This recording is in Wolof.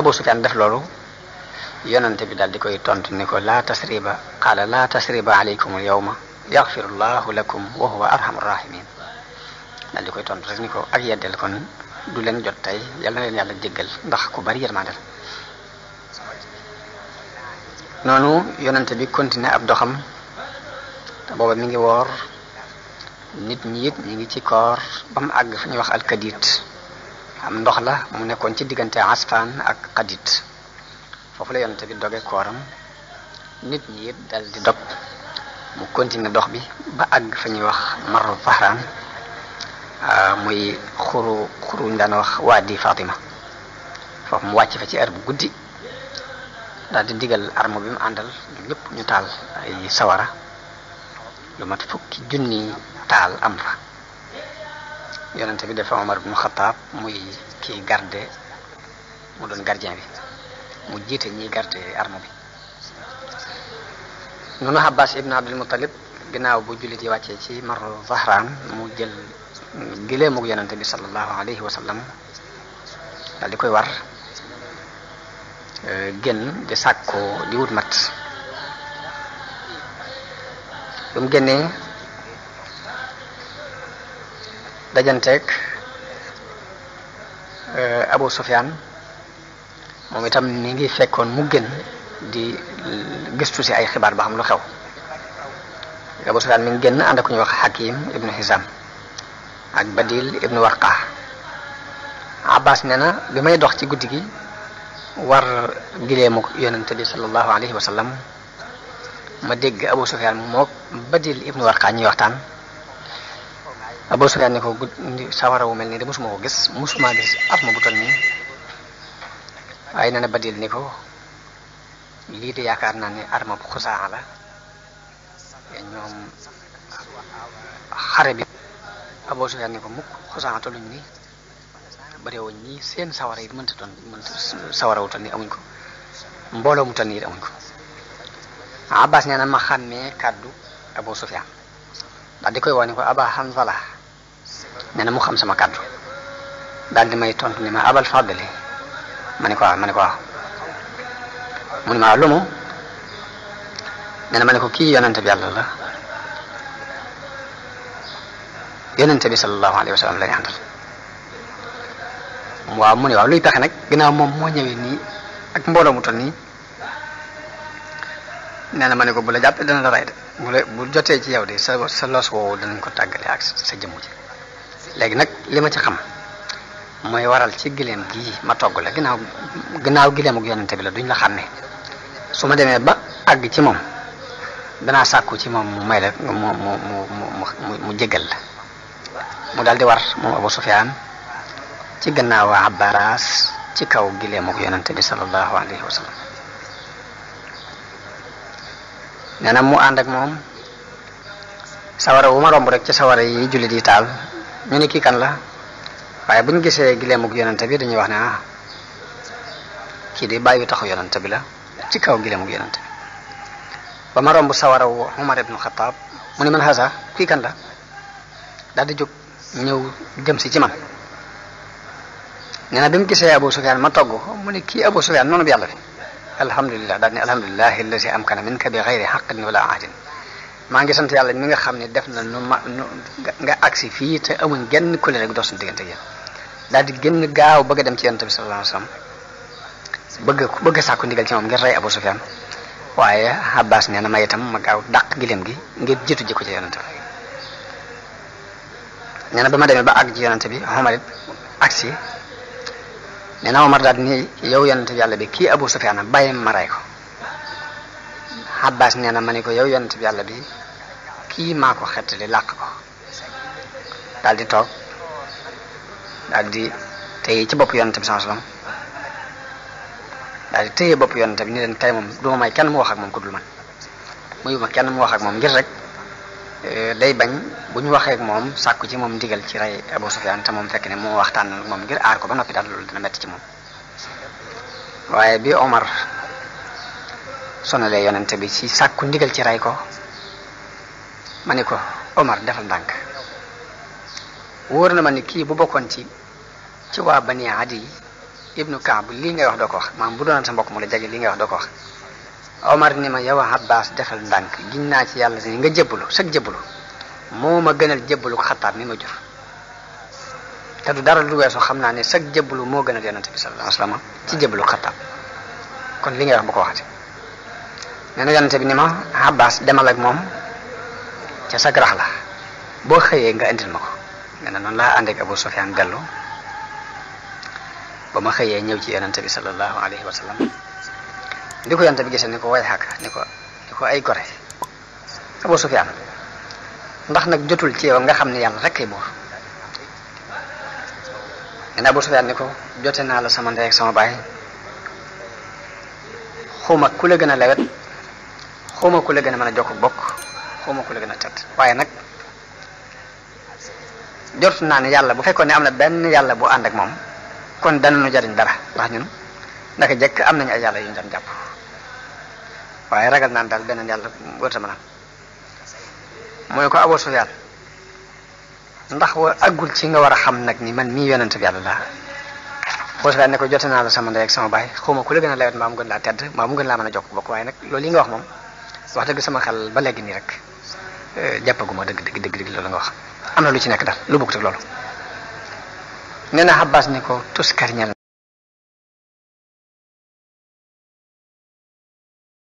Abu Sufyaan def loolu yonante bi daal di koy tontu ni ko laa tasriba qaala laa tasriba aleykum al yawma yaxfirullahu lakum wa huwa arhamur rahimin daal di koy tontu rek ni ko ak yeddel kon du leen jot tey yàlla na leen yàlla jéggal ndax ku bari yërmande la noonu yonante bi continuer ab doxam te booba mi ngi woor nit ñi it ñi ngi ci koor ba mu àgg fu ñuy wax alkadiit am ndox la mu nekkoon ci diggante asfaan ak xadit foofu la yonent bi doge kooram nit ñi it dal di dog mu continuer dox bi ba àgg fa ñuy wax maru fahraan ah, muy xuru xuru wuñ daan wax waadi Fatima foofu mu wàcc fa ci heure bu guddi daal di digal arme bi mu àndal ñëpp ñu taal ay sawara lu mat fukki junni taal am fa yonente bi dafa Omar ibnu Xataab muy kii garde mu doon gardien bi mu jiite ñiy garde arme bi noonu Abbas ibn Abdul Muttalib ginnaaw bu jullit yi wàccee ci mar Zahran mu jël gileemug yonente bi sallallahu alayhi wa sallam di koy war euh, génn di sàkko di wut mat bi mu génnee dajanteeg eh, Abu Sufyaan moom itam ni ngi fekkoon mu gën di gistu si ay xibaar ba xam lu xew Abu Sufyaan mi ngi génn ànd ak ku ñuy wax Hakim ibnu Hizam ak Badil ibnu Warqa Abbas nee na bi may dox ci guddi gi war gileemu yonente bi sallallahu alayhi wa sallam ma dégg Abu Sufyaan mook Badil ibnu Warqa ñuy waxtaan abo sufyan ne ko sawara wu mel ni de musuma ko gis musuma gis af ma butal ni nii waaye na badil ni ko lii de nani naa ne arma bu xusaa la ñoom xare bi abou sufyan ko mukk xusaa toluñ ni bari woon ni seen sawara yi mënta doon mënta sawara wu tol ni amuñ ko mbolo mu tol nii amuñ ko abbas nee ma xàmmee kàddu abou sufyan daal di koy ko aba hanzala nee mu xam sama kàddu daal di may tontu ni ma abal fàddali ma ne ko waaw ah, ma ne ko waaw ah. mu ne ma ah, lu mu nee na ma ne ko kii yonente bi yàlla la yonente bi sallallahu alayhi wa sallam la ñu àndal waaw mu ne waaw luy tax nag ginnaaw moom moo ñëwee nii ak mbooloo mu toll nii nee na ma ne ko bu la jàppee dana la rey de bu la jotee ci yow de sa sa los woowu danañ ko tàggale ak sa jëmm ji léegi nag li ma ci xam mooy waral ci gileem gii ma togg la ginnaaw ginnaaw gileem ak bi la duñ la xàmmee su ma demee ba àgg ci moom danaa sàkku ci moom mu may la mu mu mu mu mu la mu daal di war moom Abu Sufyaan ci gannaaw Abbaraas ci kaw gileem ak yonente bi sallallahu alayhi wa sallam na mu ànd ak moom sawara wu ma romb rek ci sawara yi jullit yi ñu ni kii kan la waaye bu ñu gisee gileemug yonente bi dañuy wax ne ah, kii de baay bàyyi taxu yonente bi la ci kaw gileemug yonente bi ba ma romb sawaraw Umar ibn Xataab mu ne man hasa kii kan la daal di jóg ñëw jëm si ci man nee na bi mu gisee Abu Sufyaan ma togg mu ne kii Abu Sufyaan noonu bi yàlla fi alhamdulilah daal ne alhamdulilah allazi amkana minka bi xayri xaqin wala ahdin maa ngi sant yàlla mi nga xam ne def na nu ma nu nga agsi fii te amuñ genn kuréel rek dox suñu diggante yéen daal di gën gaaw bëgg dem ci yonent bi sallallahu alayhi bëgg sàkku ndigal ci moom ngir rey waaye Abbas nee na ma itam ma gaaw dàq gileem gi ngir jiitu jikko ci yonent bi nee na ba ma demee ba àgg ci yonante bi Omar it agsi nee na Omar daal ni yow yonante yàlla bi kii Abu Sufyaan bàyyi ma rey ko Abbas nee na a ne ko yow yonent bi yàlla bi kii maa ko xettali làq ko dal di toog daal di téye ci bopp yonent bi sallallahu bopp yonent bi ni leen kay moom du ma may kenn mu wax ak moom ku dul man muy ma kenn mu wax ak moom ngir rek euh, day bañ bu ñu waxee moom sàkku ci moom ndigal ci rey Abu Sufyaan te moom fekk ne moo waxtaan moom ngir aar ko ba noppi daal loolu dina metti ci moom waaye bi Omar sonalee yonente bi si ci sàkku ndigal ci ray ko ma ne ko Omar defal ndànk wóor na ma ni kii bu bokkoon ci ci waa Bani Adi ibnu Kaab lii ngay wax doo ko wax maam bu doonoon sa mbokk mu la jage lii ngay wax doo ko wax Omar ni ma yow Abbas defal ndànk giñ naa ci yàlla ni nga jébbalu sag jébbalu moo ma gënal jébbalu ko xattaab mi ma jur te du dara lu weesu xam naa ne sag jébbalu moo gënal yonente bi sallallahu alayhi wasallam ci jébbalu xattaab kon li ngay wax bu ko waxati nee yonente bi ni ma Abbas demal ak moom ca sa grax la boo xëyee nga indil ma ko nee noonu laa ànd ak Abu Sufyaan Gallo ba ma xëyee ñëw ci yonente bi sallallahu alayhi wa sallam di ko yonente bi gisee ni ko way xàkk ni ko ay gore Abu Sufyaan ndax nag jotul ci yow nga xam ne yàlla rek kay buur nee na Abu Sufyaan ni ko jote naa la sama ndey ak sama baay xuma ku la gën a lewet xawma ku la gën a mën a jokk bokk xawma ku la gën a cat waaye nag jortu naa ne yàlla bu fekkoon ne am na benn yàlla bu ànd ak moom kon danañu jariñ dara ndax ñun naka jëkk am nañ ay yàlla yu ñu daan jàpp waaye ragal naan daal beneen yàlla wërta mën a mooy ko Abu Sufyaan ndax wa aggul ci nga war a xam nag ni man mii yonent bi yàlla laa Abu Sufyaan ne ko jote naa la sama ndey ak sama baay xawma ku gën a lawet maa mu gën laa tedd maa mu gën laa mën a jokk bokk waaye nag loolu yi nga wax moom wax dëgg sama xel ba léegi nii rek eh, jàppaguma dëgg dëgg dëgg dëgg loolu nga wax am na lu ci nekk daal lu bokkut ak loolu nee na Abbas ni ko tuskar ñel